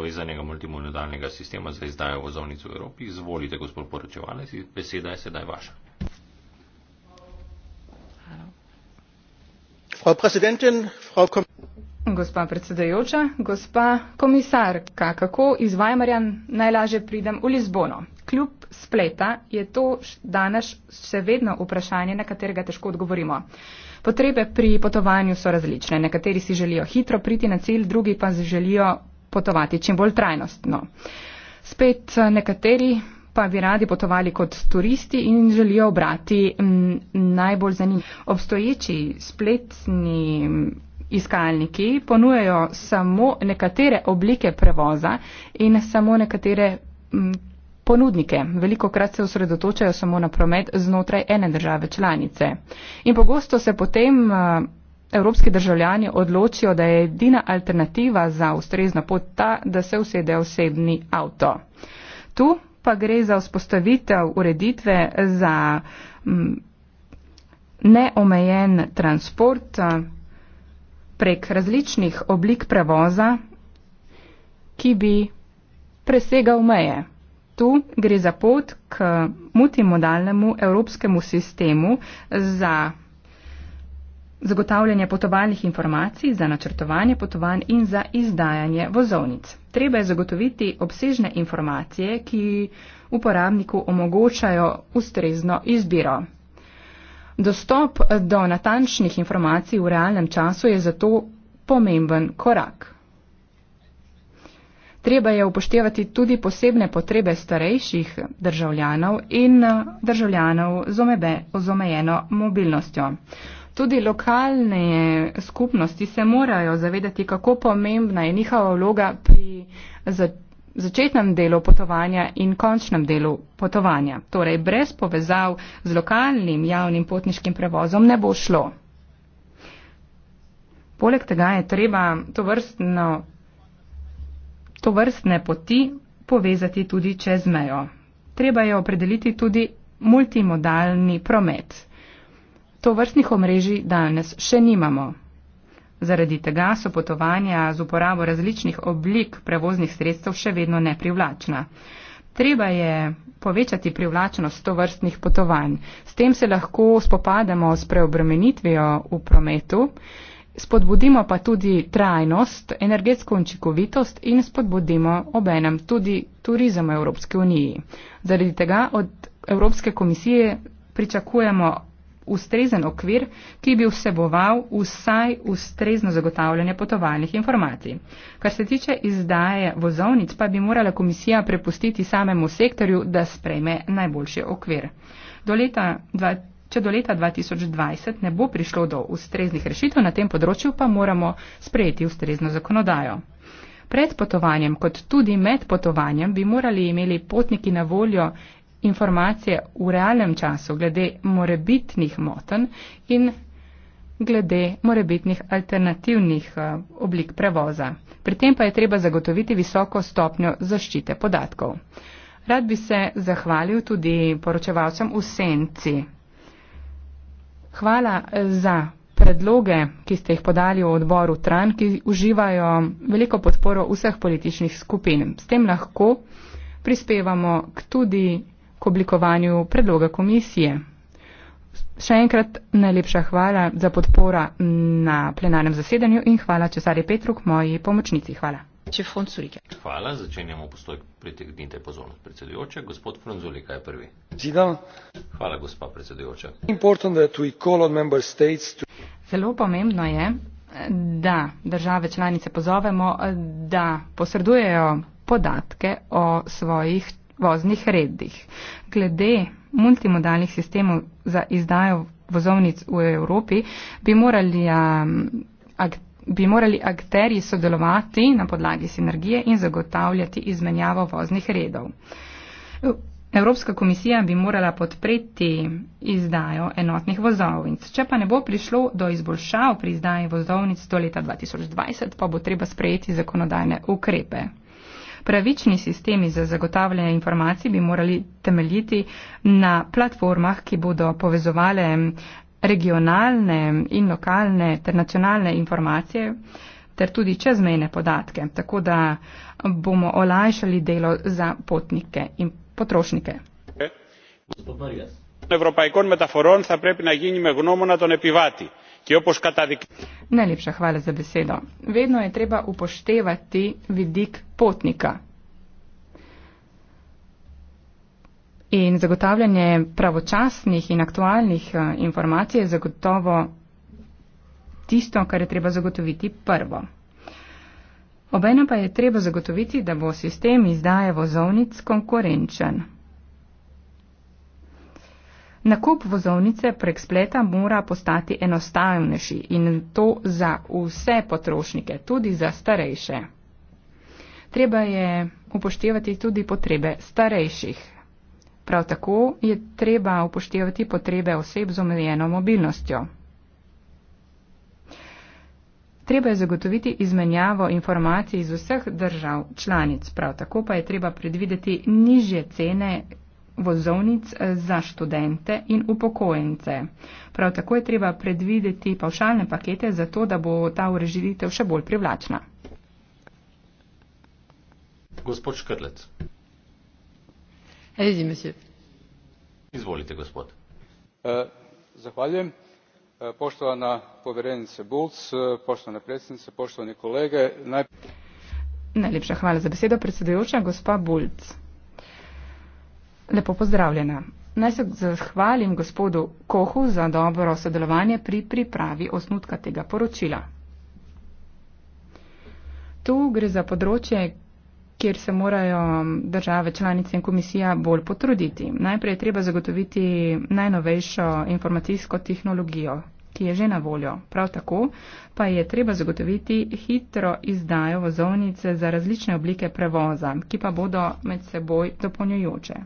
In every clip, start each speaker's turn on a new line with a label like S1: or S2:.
S1: povezanega multimodalnega sistema za izdajo vozovnic v Evropi. Izvolite, gospod poročevalec,
S2: beseda je sedaj vaša. Gospa predsedajoča, gospa komisarka, kako iz Vajmarja najlažje pridem v Lizbono? Kljub spleta je to danes še vedno vprašanje, na katerega težko odgovorimo. Potrebe pri potovanju so različne. Nekateri si želijo hitro priti na cilj, drugi pa si želijo potovati čim bolj trajnostno. Spet eh, nekateri pa bi radi potovali kot turisti in želijo obrati mm, najbolj zanimivi. Obstoječi spletni mm, iskalniki ponujajo samo nekatere oblike prevoza in samo nekatere mm, ponudnike. Veliko krat se osredotočajo samo na promet znotraj ene države članice. In pogosto se potem eh, evropski državljani odločijo, da je edina alternativa za ustrezno pot ta, da se usede osebni avto. Tu pa gre za vzpostavitev ureditve za m, mm, neomejen transport eh, prek različnih oblik prevoza, ki bi presegal meje. Tu gre za pot k multimodalnemu evropskemu sistemu za Zagotavljanje potovalnih informacij za načrtovanje potovanj in za izdajanje vozovnic. Treba je zagotoviti obsežne informacije, ki uporabniku omogočajo ustrezno izbiro. Dostop do natančnih informacij v realnem času je zato pomemben korak. Treba je upoštevati tudi posebne potrebe starejših državljanov in državljanov z omejeno mobilnostjo tudi lokalne skupnosti se morajo zavedati, kako pomembna je njihova vloga pri začetnem delu potovanja in končnem delu potovanja. Torej, brez povezav z lokalnim javnim potniškim prevozom ne bo šlo. Poleg tega je treba to, vrstno, to vrstne poti povezati tudi čez mejo. Treba je opredeliti tudi multimodalni promet. To vrstnih omrežij danes še nimamo. Zaradi tega so potovanja z uporabo različnih oblik prevoznih sredstev še vedno neprivlačna. Treba je povečati privlačnost to vrstnih potovanj. S tem se lahko spopademo s preobremenitvijo v prometu, spodbudimo pa tudi trajnost, energetsko učinkovitost in spodbudimo obenem tudi turizem v Evropski uniji. Zaradi tega od Evropske komisije pričakujemo ustrezen okvir, ki bi vseboval vsaj ustrezno zagotavljanje potovalnih informacij. Kar se tiče izdaje vozovnic, pa bi morala komisija prepustiti samemu sektorju, da sprejme najboljši okvir. Do leta, če do leta 2020 ne bo prišlo do ustreznih rešitev na tem področju, pa moramo sprejeti ustrezno zakonodajo. Pred potovanjem, kot tudi med potovanjem, bi morali imeli potniki na voljo informacije v realnem času glede morebitnih moten in glede morebitnih alternativnih eh, oblik prevoza. Pri tem pa je treba zagotoviti visoko stopnjo zaščite podatkov. Rad bi se zahvalil tudi poročevalcem v Senci. Hvala eh, za predloge, ki ste jih podali v odboru TRAN, ki uživajo veliko podporo vseh političnih skupin. S tem lahko prispevamo k tudi k oblikovanju predloga komisije. Še enkrat najlepša hvala za podpora na plenarnem zasedanju in hvala Česari Petruk, moji pomočnici. Hvala.
S1: Hvala, začenjamo postoj pri teh dni te pozornost predsedujoča. Gospod Fronzuli, kaj je prvi? Zidan. Hvala, gospa predsedujoča.
S2: Zelo pomembno je, da države članice pozovemo, da posredujejo podatke o svojih voznih redih. Glede multimodalnih sistemov za izdajo vozovnic v Evropi bi morali, um, bi morali akterji sodelovati na podlagi sinergije in zagotavljati izmenjavo voznih redov. Evropska komisija bi morala podpreti izdajo enotnih vozovnic. Če pa ne bo prišlo do izboljšav pri izdaji vozovnic do leta 2020, pa bo treba sprejeti zakonodajne ukrepe. Pravični sistemi za zagotavljanje informacij bi morali temeljiti na platformah, ki bodo povezovale regionalne in lokalne ter nacionalne informacije ter tudi čezmejne podatke, tako da bomo olajšali delo za potnike in potrošnike. Evropa je kon metaforon, zaprepina gini me gnomona, to ne pivati. Najlepša hvala za besedo. Vedno je treba upoštevati vidik potnika in zagotavljanje pravočasnih in aktualnih eh, informacij je zagotovo tisto, kar je treba zagotoviti prvo. Obenem pa je treba zagotoviti, da bo sistem izdaje vozovnic konkurenčen. Nakup vozovnice prek spleta mora postati enostavnejši in to za vse potrošnike, tudi za starejše. Treba je upoštevati tudi potrebe starejših. Prav tako je treba upoštevati potrebe oseb z omejeno mobilnostjo. Treba je zagotoviti izmenjavo informacij iz vseh držav članic, prav tako pa je treba predvideti nižje cene, vozovnic eh, za študente in upokojence. Prav tako je treba predvideti pavšalne pakete za to, da bo ta ureživitev še bolj privlačna.
S1: Gospod Škrlec.
S2: Hvala, monsieur. Izvolite, gospod. Uh, zahvaljujem. Uh, poštovana poverenice Bulc, uh, poštovane predsednice, poštovani kolege. Naj... Najlepša hvala za besedo, predsedujoča, gospa Bulc. Lepo pozdravljena. Naj se zahvalim gospodu Kohu za dobro sodelovanje pri pripravi osnutka tega poročila. Tu gre za področje, kjer se morajo države članice in komisija bolj potruditi. Najprej je treba zagotoviti najnovejšo informacijsko tehnologijo, ki je že na voljo. Prav tako pa je treba zagotoviti hitro izdajo vozovnice za različne oblike prevoza, ki pa bodo med seboj dopolnjujoče.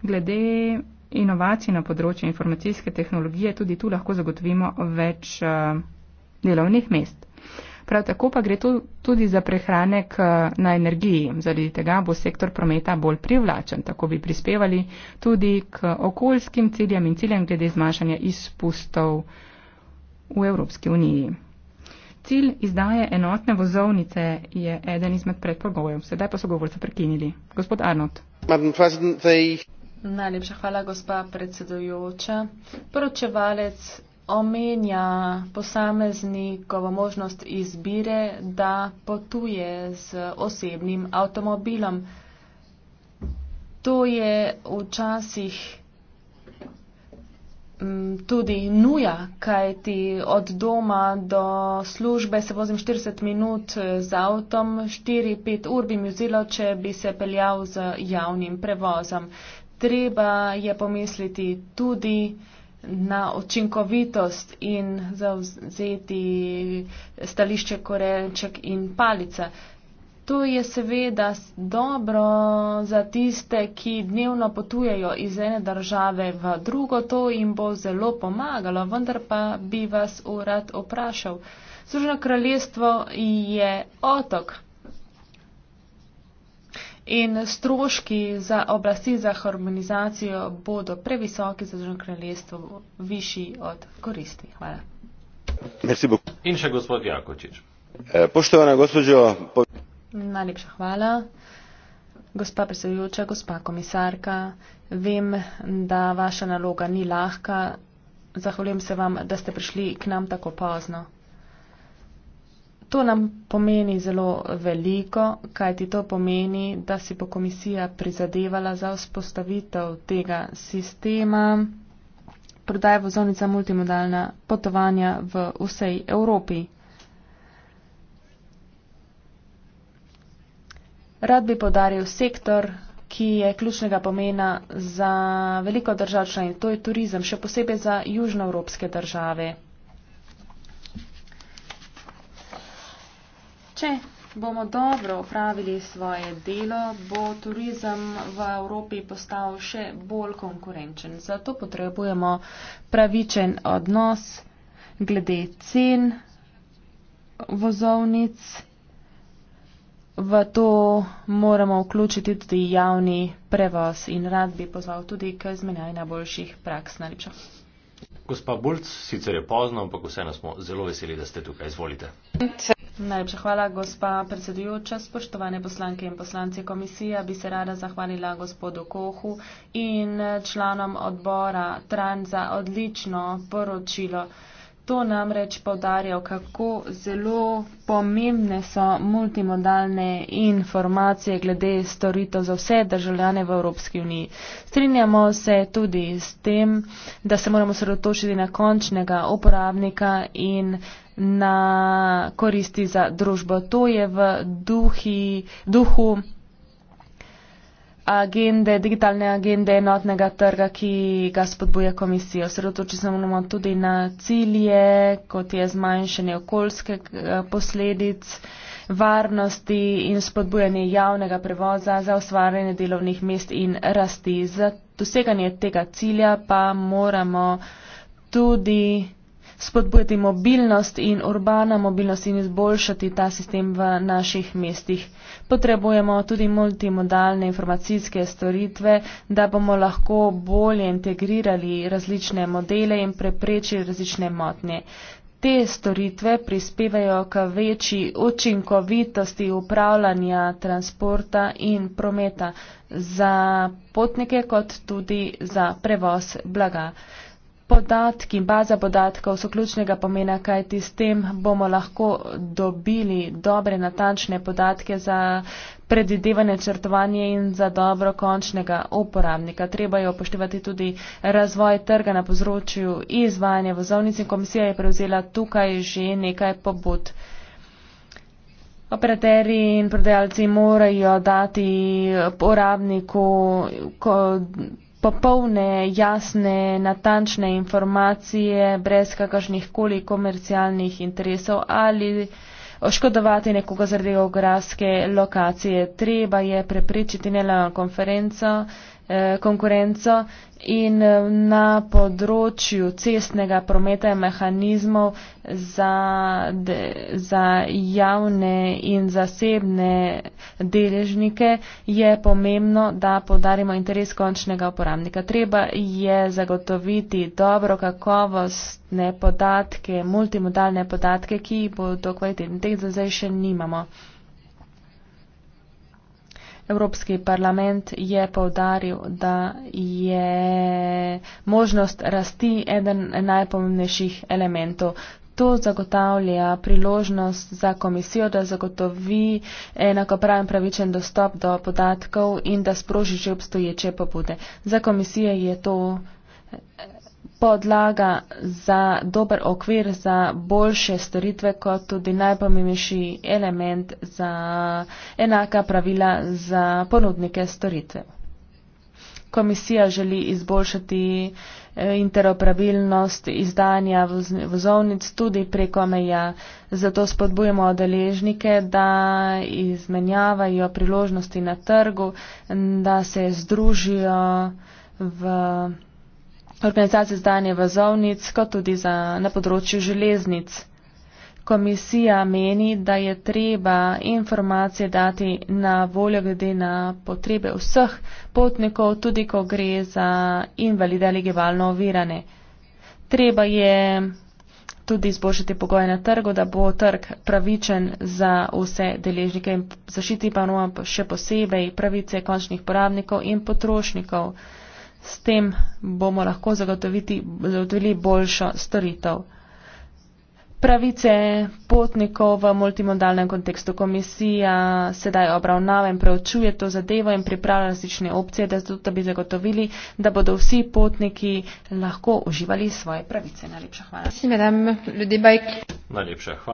S2: Glede inovacij na področju informacijske tehnologije tudi tu lahko zagotovimo več eh, delovnih mest. Prav tako pa gre tu tudi za prehranek eh, na energiji. Zaradi tega bo sektor prometa bolj privlačen. Tako bi prispevali tudi k okoljskim ciljem in ciljem glede zmanjšanja izpustov v Evropski uniji. Cilj izdaje enotne vozovnice je eden izmed predpogojev. Sedaj pa so govorca prekinili. Gospod Arnold.
S1: Najlepša hvala, gospa predsedujoča. Poročevalec omenja posameznikovo možnost izbire, da potuje z osebnim avtomobilom. To je včasih mm, tudi nuja, kaj ti od doma do službe se vozim 40 minut z avtom, 4-5 ur bi mi vzelo, če bi se peljal z javnim prevozom treba je pomisliti tudi na učinkovitost in zauzeti stališče korenček in palica. To je seveda dobro za tiste, ki dnevno potujejo iz ene države v drugo, to jim bo zelo pomagalo, vendar pa bi vas urad vprašal. Združeno kraljestvo je otok in stroški za oblasti za harmonizacijo bodo previsoki za Združeno kraljestvo, višji od koristi. Hvala. In še gospod Jakočič. Eh, poštovana gospođo. Po... Najlepša hvala. Gospa predsedujoča, gospa komisarka, vem, da vaša naloga ni lahka. Zahvaljujem se vam, da ste prišli k nam tako pozno. To nam pomeni zelo veliko, kajti to pomeni, da si bo komisija prizadevala za vzpostavitev tega sistema prodaje vozovnic za multimodalna potovanja v vsej Evropi. Rad bi podaril sektor, ki je ključnega pomena za veliko držav članic, to je turizem, še posebej za južnoevropske države. Če bomo dobro upravili svoje delo, bo turizem v Evropi postal še bolj konkurenčen. Zato potrebujemo pravičen odnos glede cen vozovnic. V to moramo vključiti tudi javni prevoz in rad bi pozval tudi k zmenjaj najboljših praks. Najlepša. Gospa Bulc, sicer je pozno, ampak vseeno smo zelo veseli, da ste tukaj. Izvolite. Se. Najlepša hvala, gospa predsedujoča. Spoštovane poslanke in poslanci komisije, bi se rada zahvalila gospodu Kohu in članom odbora Tran za odlično poročilo. To namreč povdarjajo, kako zelo pomembne so multimodalne informacije glede storitev za vse državljane v Evropski uniji. Strinjamo se tudi s tem, da se moramo sredotočiti na končnega uporabnika in na koristi za družbo. To je v duhi, duhu agende, digitalne agende enotnega trga, ki ga spodbuja komisija. Osredotoči se moramo tudi na cilje, kot je zmanjšanje okoljskih eh, posledic, varnosti in spodbujanje javnega prevoza za ustvarjanje delovnih mest in rasti. Za doseganje tega cilja pa moramo tudi spodbujati mobilnost in urbana mobilnost in izboljšati ta sistem v naših mestih. Potrebujemo tudi multimodalne informacijske storitve, da bomo lahko bolje integrirali različne modele in preprečili različne motnje. Te storitve prispevajo k večji učinkovitosti upravljanja transporta in prometa za potnike kot tudi za prevoz blaga podatki in baza podatkov so ključnega pomena, kajti s tem bomo lahko dobili dobre, natančne podatke za predidevanje, črtovanje in za dobro končnega uporabnika. Treba je upoštevati tudi razvoj trga na področju izvajanja vozovnic in komisija je prevzela tukaj že nekaj pobud. Operaterji in prodajalci morajo dati uporabniku popolne, jasne, natančne informacije, brez kakršnih koli komercialnih interesov ali oškodovati nekoga zaradi geografske lokacije. Treba je preprečiti nelojalno konferenco, Eh, konkurenco in eh, na področju cestnega prometa in mehanizmov za, de, za javne in zasebne deležnike je pomembno, da podarimo interes končnega uporabnika. Treba je zagotoviti dobro kakovostne podatke, multimodalne podatke, ki bodo kvalitetni. Teh zdaj še nimamo. Evropski parlament je povdaril, da je možnost rasti eden najpomembnejših elementov. To zagotavlja priložnost za komisijo, da zagotovi enakopraven pravičen dostop do podatkov in da sproži že obstoječe pobude. Za komisijo je to podlaga za dober okvir za boljše storitve kot tudi najpomembnejši element za enaka pravila za ponudnike storitev. Komisija želi izboljšati eh, interoperabilnost izdanja vozovnic tudi preko meja, zato spodbujamo odeležnike, da izmenjavajo priložnosti na trgu, da se združijo v organizacij za izdajanje vazovnic, kot tudi za, na področju železnic. Komisija meni, da je treba informacije dati na voljo glede na potrebe vseh potnikov, tudi ko gre za invalide ali gevalno ovirane. Treba je tudi izboljšati pogoje na trgu, da bo trg pravičen za vse deležnike in zašiti pa še posebej pravice končnih porabnikov in potrošnikov. S tem bomo lahko zagotovili boljšo storitev. Pravice potnikov v multimodalnem kontekstu komisija sedaj obravnava in preučuje to zadevo in pripravlja različne opcije, da, to, da bi zagotovili, da bodo vsi potniki
S2: lahko uživali svoje pravice. Najlepša hvala.